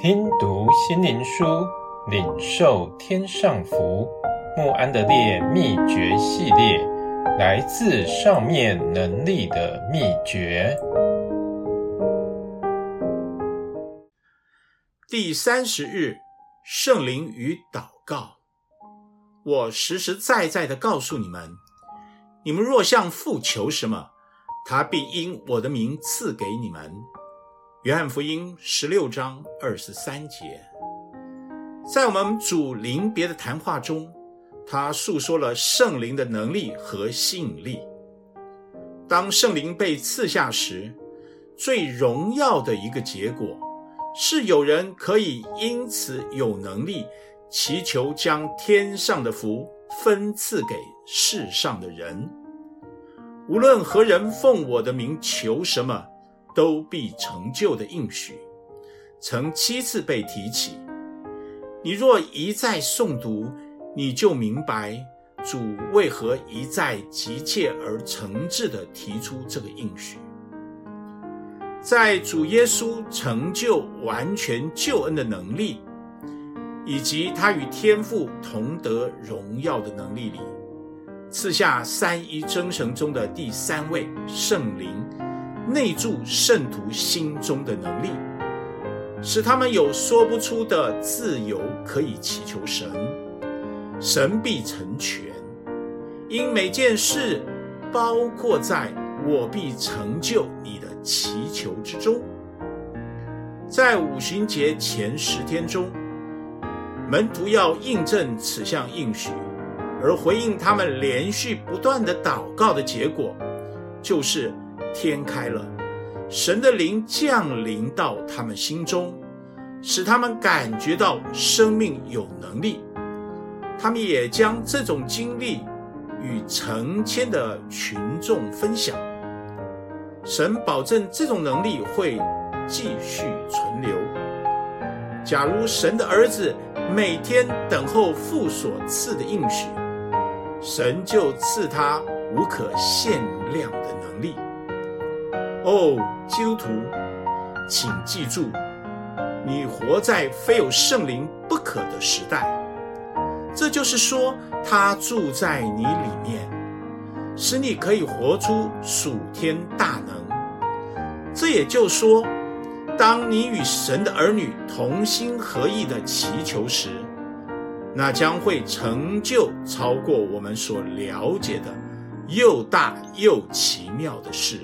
聽讀心靈書，領受天上福。慕安德烈秘訣系列，來自上面能力的秘訣。第三十日，聖靈與禱告。我實實在在地告訴你們，你們若向父求什麼，他必因我的名賜給你們。約翰福音十六章二十三節，在我們主臨別的談話中，他述說了聖靈的能力和吸引力。當聖靈被賜下時，最榮耀的一個結果是有人可以因此有能力祈求將天上的福分賜給世上的人。無論何人奉我的名求什麼。都必成就的應許，曾七次被提起。你若一再誦讀，你就明白主為何一再急切而誠摯地提出這個應許。在主耶穌成就完全救恩的能力，以及他與天父同得榮耀的能力裡，賜下三一真神中的第三位聖靈。內住聖徒心中的能力，使他們有說不出的自由，可以祈求神，神必成全，因每件事包括在我必成就你的祈求之中。在五旬節前十天中，門徒要印證此項應許，而回應他們連續不斷的禱告的結果，就是。天開了，神的靈降臨到他們心中，使他們感覺到生命有能力。他們也將這種經歷與成千的群眾分享。神保證這種能力會繼續存留。假如神的兒子每天等候父所賜的應許，神就賜他無可限量的能力。哦，基督徒，請記住，你活在非有聖靈不可的時代。這就是說，他住在你裡面，使你可以活出屬天大能。這也就是說，當你與神的兒女同心合意的祈求時，那將會成就超過我們所了解的又大又奇妙的事。